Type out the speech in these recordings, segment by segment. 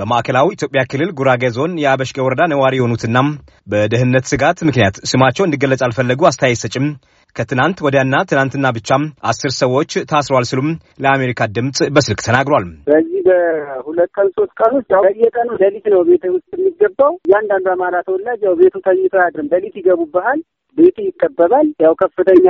በማዕከላዊ ኢትዮጵያ ክልል ጉራጌ ዞን የአበሽጌ ወረዳ ነዋሪ የሆኑትና በደህንነት ስጋት ምክንያት ስማቸው እንዲገለጽ አልፈለጉ አስተያየት ሰጭም ከትናንት ወዲያና ትናንትና ብቻ አስር ሰዎች ታስረዋል ሲሉም ለአሜሪካ ድምፅ በስልክ ተናግሯል። በዚህ በዚህ በሁለት ቀን ሶስት ቀን ውስጥ ያው በየቀኑ ሌሊት ነው ቤት ውስጥ የሚገባው። እያንዳንዱ አማራ ተወላጅ ያው ቤቱ ተኝቶ አያድርም። ሌሊት ይገቡብሃል። ቤት ይከበባል። ያው ከፍተኛ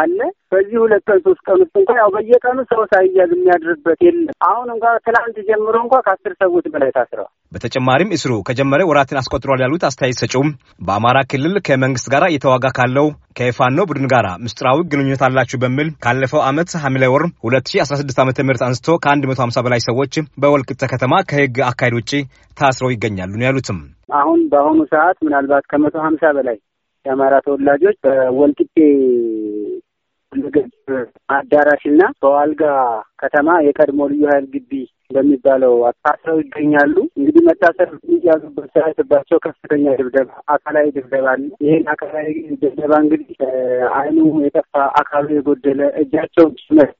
አለ። በዚህ ሁለት ቀን ሶስት ቀን ውስጥ እንኳ ያው በየቀኑ ሰው ሳይያዝ የሚያድርበት የለም። አሁን እንኳ ትላንት ጀምሮ እንኳ ከአስር ሰዎች በላይ ታስረዋል። በተጨማሪም እስሩ ከጀመረ ወራትን አስቆጥሯል ያሉት አስተያየት ሰጪውም በአማራ ክልል ከመንግስት ጋር እየተዋጋ ካለው ከፋኖ ቡድን ጋር ምስጢራዊ ግንኙነት አላችሁ በሚል ካለፈው ዓመት ሐምሌ ወር 2016 ዓ ም አንስቶ ከ150 በላይ ሰዎች ተማሪዎችም በወልቅጠ ከተማ ከህግ አካሄድ ውጭ ታስረው ይገኛሉ ነው ያሉትም። አሁን በአሁኑ ሰዓት ምናልባት ከመቶ ሀምሳ በላይ የአማራ ተወላጆች በወልቅጤ ምግብ አዳራሽ እና በዋልጋ ከተማ የቀድሞ ልዩ ኃይል ግቢ በሚባለው አታስረው ይገኛሉ። እንግዲህ መታሰር የሚያዙበት ሳያስባቸው ከፍተኛ ድብደባ፣ አካላዊ ድብደባ አለ። ይህን አካላዊ ድብደባ እንግዲህ አይኑ የጠፋ አካሉ የጎደለ እጃቸውን ጭምር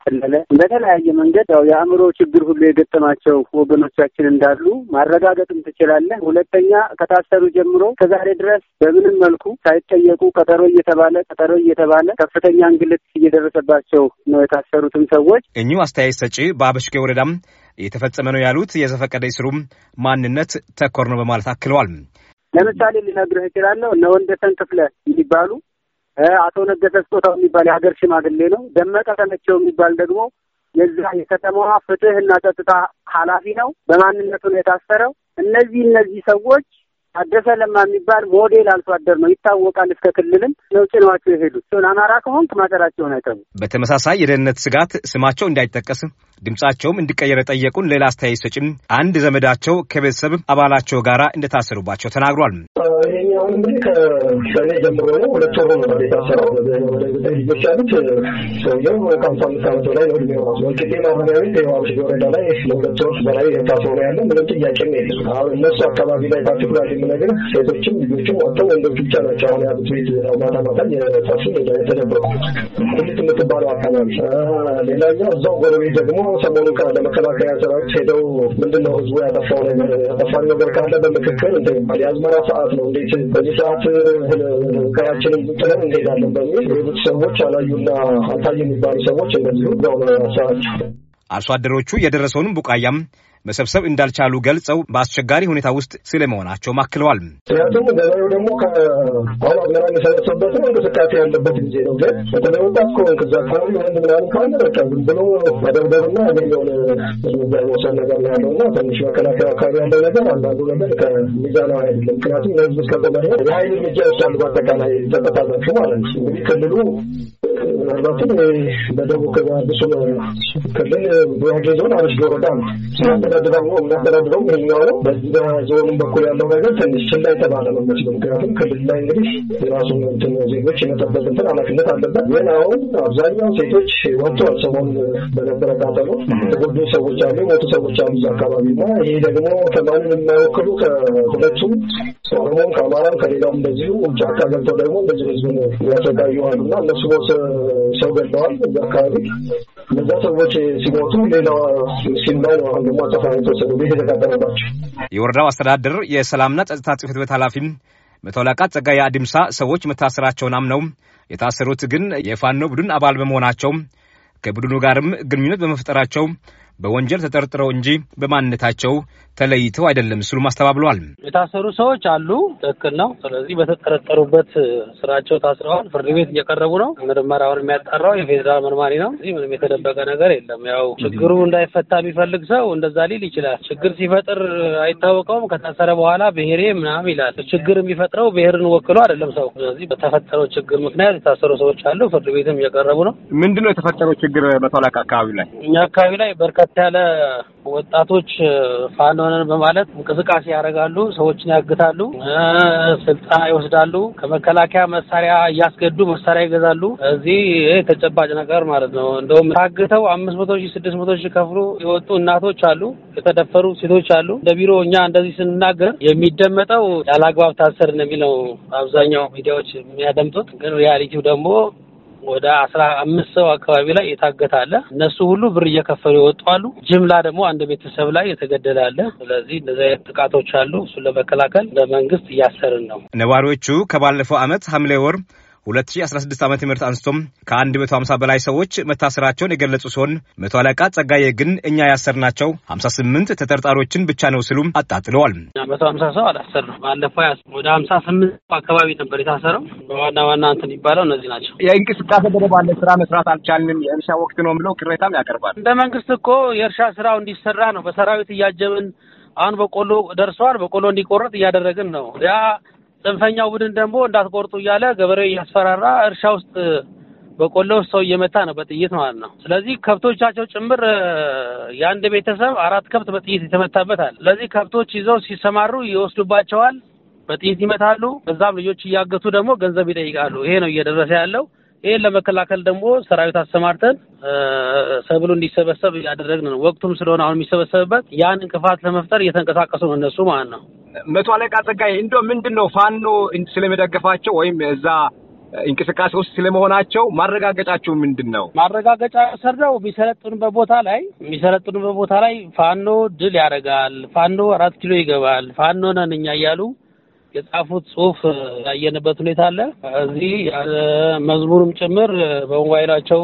በተለያየ መንገድ ያው የአእምሮ ችግር ሁሉ የገጠማቸው ወገኖቻችን እንዳሉ ማረጋገጥም ትችላለህ። ሁለተኛ ከታሰሩ ጀምሮ ከዛሬ ድረስ በምንም መልኩ ሳይጠየቁ ቀጠሮ እየተባለ ቀጠሮ እየተባለ ከፍተኛ እንግልት እየደረሰባቸው ነው የታሰሩትም ሰዎች እኚሁ አስተያየት ሰጪ በአበሽጌ ወረዳም የተፈጸመ ነው ያሉት የዘፈቀደ ስሩም ማንነት ተኮር ነው በማለት አክለዋል። ለምሳሌ ልነግርህ እችላለሁ እነ ወንደሰን ክፍለ የሚባሉ አቶ ነገሰ ስጦታው የሚባል የሀገር ሽማግሌ ነው። ደመቀ ተመቸው የሚባል ደግሞ የዛ የከተማዋ ፍትህ እና ጸጥታ ኃላፊ ነው። በማንነቱ ነው የታሰረው። እነዚህ እነዚህ ሰዎች ታደሰ ለማ የሚባል ሞዴል አርሶ አደር ነው፣ ይታወቃል። እስከ ክልልም ለውጭ ነዋቸው የሄዱት ሲሆን አማራ ከሆንክ ማጠራቸውን አይቀቡ። በተመሳሳይ የደህንነት ስጋት ስማቸው እንዳይጠቀስ ድምጻቸውም እንዲቀየር ጠየቁን። ሌላ አስተያየት ሰጭም አንድ ዘመዳቸው ከቤተሰብ አባላቸው ጋር እንደታሰሩባቸው ተናግሯል። ይሄኛው እንግዲህ ከሰኔ ጀምሮ ነው። ሁለት ወር ነው የታሰረው። ልጆች አሉት። ሰውየው ከአምሳ አምስት ዓመት በላይ ነው እድሜው። ወልቂጤ ማረሚያ ቤት የዋብሽ ወረዳ ላይ ለሁለት ወር በላይ የታሰሩ ያለ ምንም ጥያቄም የለም። አሁን እነሱ አካባቢ ላይ ፓርቲኩላር የምነግርህ ሴቶችም ልጆችም ወጥተው ወንዶች ብቻ ናቸው አሁን ያሉት ቤት ማታ ማታ የጠሱ የተደበቁ ሁሊት የምትባለው አካባቢ። ሌላኛው እዛው ጎረቤት ደግሞ ሰሞኑን ለመከላከያ ሰራዊት ሄደው ምንድነው ህዝቡ ያጠፋው ነገር ያጠፋን ነገር ካለ በምክክል እንትን የአዝመራ ሰዓት ነው እንዴት በዚህ ሰዓት ከራችንን ጥለን እንሄዳለን በሚል ሰዎች አላዩና አታዩ የሚባሉ ሰዎች እንደዚሁ ዛው ነው አርሶ አደሮቹ የደረሰውንም ቡቃያም መሰብሰብ እንዳልቻሉ ገልጸው በአስቸጋሪ ሁኔታ ውስጥ ስለመሆናቸው ማክለዋል። ምክንያቱም ገበሬው ደግሞ ከኋላ አዝመራ የሚሰበሰብበት እንቅስቃሴ ያለበት ጊዜ ነው። ግን በተለይ ወጣት ከሆንክ እዛ አካባቢ ወንድ ምናምን ካለ በቃ ዝም ብሎ መደብደብና ያገኘውን እርምጃ የመውሰድ ነገር ነው ያለው እና ትንሽ መከላከያ አካባቢ ያለው ነገር አንዳንዱ ነገር ከሚዛናዊ አይደለም። ምክንያቱም ለህዝብ እስከ የሀይል እርምጃ ይወስዳሉ። በአጠቃላይ ጸጥታ ዘርፉ ማለት እንግዲህ ክልሉ ምናልባትም በደቡብ ከአዲሱ ክልል ጉራጌ ዞን አረሽ ወረዳ ነው የሚያስተዳድረው ይሄኛው ነው። በዛ ዞኑም በኩል ያለው ነገር ትንሽ ችላ የተባለ ነው መስለው። ምክንያቱም ክልል ላይ እንግዲህ የራሱ እንትን ዜጎች የመጠበቅ እንትን ኃላፊነት አለበት። ግን አሁን አብዛኛው ሴቶች ወጥተዋል። ሰሞኑን በነበረ ቃጠሎ የተጎዱ ሰዎች አሉ፣ የሞቱ ሰዎች አሉ እዛ አካባቢ እና ይሄ ደግሞ ከማንም የማይወክሉ ከሁለቱም ከኦሮሞም ከአማራም ከሌላውም እንደዚሁ ጫካ ገብተው ደግሞ እንደዚህ ህዝብን ያሰቃየዋሉ እና እነሱ ሰው ገለዋል እዛ አካባቢ። እነዛ ሰዎች ሲሞቱ ሌላዋ ሲንባ ነው አሁን ደግሞ አጠፋ የተወሰዱ ቤት የተቃጠለባቸው። የወረዳው አስተዳደር የሰላምና ጸጥታ ጽሕፈት ቤት ኃላፊም መቶ አለቃ ጸጋዬ አዲምሳ ሰዎች መታሰራቸውን አምነው የታሰሩት ግን የፋኖ ቡድን አባል በመሆናቸው ከቡድኑ ጋርም ግንኙነት በመፍጠራቸው በወንጀል ተጠርጥረው እንጂ በማንነታቸው ተለይተው አይደለም ሲሉም አስተባብለዋል። የታሰሩ ሰዎች አሉ፣ ትክክል ነው። ስለዚህ በተጠረጠሩበት ስራቸው ታስረዋል። ፍርድ ቤት እየቀረቡ ነው። ምርመራውን የሚያጣራው የፌዴራል መርማሪ ነው። እዚህ ምንም የተደበቀ ነገር የለም። ያው ችግሩ እንዳይፈታ የሚፈልግ ሰው እንደዛ ሊል ይችላል። ችግር ሲፈጥር አይታወቀውም። ከታሰረ በኋላ ብሔሬ ምናምን ይላል። ችግር የሚፈጥረው ብሔርን ወክሎ አይደለም ሰው። ስለዚህ በተፈጠረው ችግር ምክንያት የታሰሩ ሰዎች አሉ። ፍርድ ቤትም እየቀረቡ ነው። ምንድነው የተፈጠረው ችግር በተላቅ አካባቢ ላይ እኛ አካባቢ ላይ በርካ በርከት ያለ ወጣቶች ፋኖንን በማለት እንቅስቃሴ ያደርጋሉ። ሰዎችን ያግታሉ፣ ስልጠና ይወስዳሉ፣ ከመከላከያ መሳሪያ እያስገዱ መሳሪያ ይገዛሉ። እዚህ ተጨባጭ ነገር ማለት ነው። እንደውም ታግተው አምስት መቶ ሺህ ስድስት መቶ ሺህ ከፍሎ የወጡ እናቶች አሉ፣ የተደፈሩ ሴቶች አሉ። እንደ ቢሮ እኛ እንደዚህ ስንናገር የሚደመጠው ያለ አግባብ ታሰር የሚለው አብዛኛው ሚዲያዎች የሚያደምጡት ግን ሪያሊቲው ደግሞ ወደ አስራ አምስት ሰው አካባቢ ላይ የታገተ አለ። እነሱ ሁሉ ብር እየከፈሉ የወጡ አሉ። ጅምላ ደግሞ አንድ ቤተሰብ ላይ የተገደለ አለ። ስለዚህ እንደዚህ አይነት ጥቃቶች አሉ። እሱን ለመከላከል ለመንግስት እያሰርን ነው። ነዋሪዎቹ ከባለፈው አመት ሐምሌ ወር 2016 ዓ ም አንስቶም ከ150 በላይ ሰዎች መታሰራቸውን የገለጹ ሲሆን መቶ አለቃ ጸጋዬ ግን እኛ ያሰርናቸው 58 ተጠርጣሪዎችን ብቻ ነው ሲሉም አጣጥለዋል። መቶ 50 ሰው አላሰር ነው ባለፈው ወደ 58 አካባቢ ነበር የታሰረው። በዋና ዋና እንትን ይባለው እነዚህ ናቸው። የእንቅስቃሴ ገደብ አለ። ስራ መስራት አልቻልንም። የእርሻ ወቅት ነው ብለው ቅሬታም ያቀርባል። እንደ መንግስት እኮ የእርሻ ስራው እንዲሰራ ነው በሰራዊት እያጀብን አሁን በቆሎ ደርሰዋል። በቆሎ እንዲቆረጥ እያደረግን ነው ያ ጽንፈኛው ቡድን ደግሞ እንዳትቆርጡ እያለ ገበሬው እያስፈራራ እርሻ ውስጥ በቆሎ ውስጥ ሰው እየመታ ነው በጥይት ማለት ነው። ስለዚህ ከብቶቻቸው ጭምር የአንድ ቤተሰብ አራት ከብት በጥይት የተመታበት አለ። ስለዚህ ከብቶች ይዘው ሲሰማሩ ይወስዱባቸዋል፣ በጥይት ይመታሉ። በዛም ልጆች እያገቱ ደግሞ ገንዘብ ይጠይቃሉ። ይሄ ነው እየደረሰ ያለው። ይህን ለመከላከል ደግሞ ሰራዊት አሰማርተን ሰብሉ እንዲሰበሰብ እያደረግን ነው። ወቅቱም ስለሆነ አሁን የሚሰበሰብበት ያን እንቅፋት ለመፍጠር እየተንቀሳቀሱ ነው እነሱ ማለት ነው። መቶ አለቃ ጸጋዬ እንደው ምንድን ነው ፋኖ ስለመደገፋቸው ወይም እዛ እንቅስቃሴ ውስጥ ስለመሆናቸው ማረጋገጫችሁ ምንድን ነው? ማረጋገጫ የሰራው የሚሰለጥኑበት ቦታ ላይ የሚሰለጥኑበት ቦታ ላይ ፋኖ ድል ያደርጋል፣ ፋኖ አራት ኪሎ ይገባል፣ ፋኖ ነን እኛ እያሉ የጻፉት ጽሁፍ ያየንበት ሁኔታ አለ። እዚህ መዝሙርም ጭምር በሞባይላቸው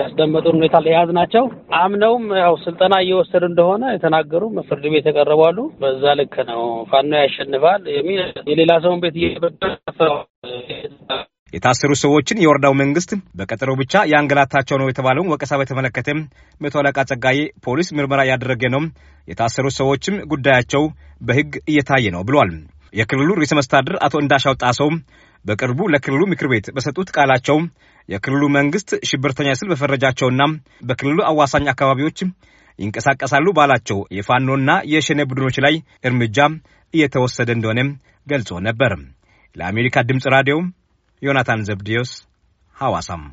ያስደመጡን ሁኔታ ላይ የያዝ ናቸው። አምነውም ያው ስልጠና እየወሰዱ እንደሆነ የተናገሩ ፍርድ ቤት የቀረቧሉ። በዛ ልክ ነው ፋኖ ያሸንፋል የሚል የሌላ ሰውን ቤት የታሰሩ ሰዎችን የወረዳው መንግስት በቀጠሮ ብቻ የአንገላታቸው ነው የተባለውን ወቀሳ በተመለከተ መቶ አለቃ ጸጋዬ ፖሊስ ምርመራ እያደረገ ነው፣ የታሰሩ ሰዎችም ጉዳያቸው በህግ እየታየ ነው ብሏል። የክልሉ ርዕሰ መስተዳድር አቶ እንዳሻው ጣሰው በቅርቡ ለክልሉ ምክር ቤት በሰጡት ቃላቸው የክልሉ መንግስት ሽብርተኛ ስል በፈረጃቸውና በክልሉ አዋሳኝ አካባቢዎች ይንቀሳቀሳሉ ባላቸው የፋኖና የሸኔ ቡድኖች ላይ እርምጃ እየተወሰደ እንደሆነ ገልጾ ነበር። ለአሜሪካ ድምፅ ራዲዮ ዮናታን ዘብዲዮስ ሐዋሳም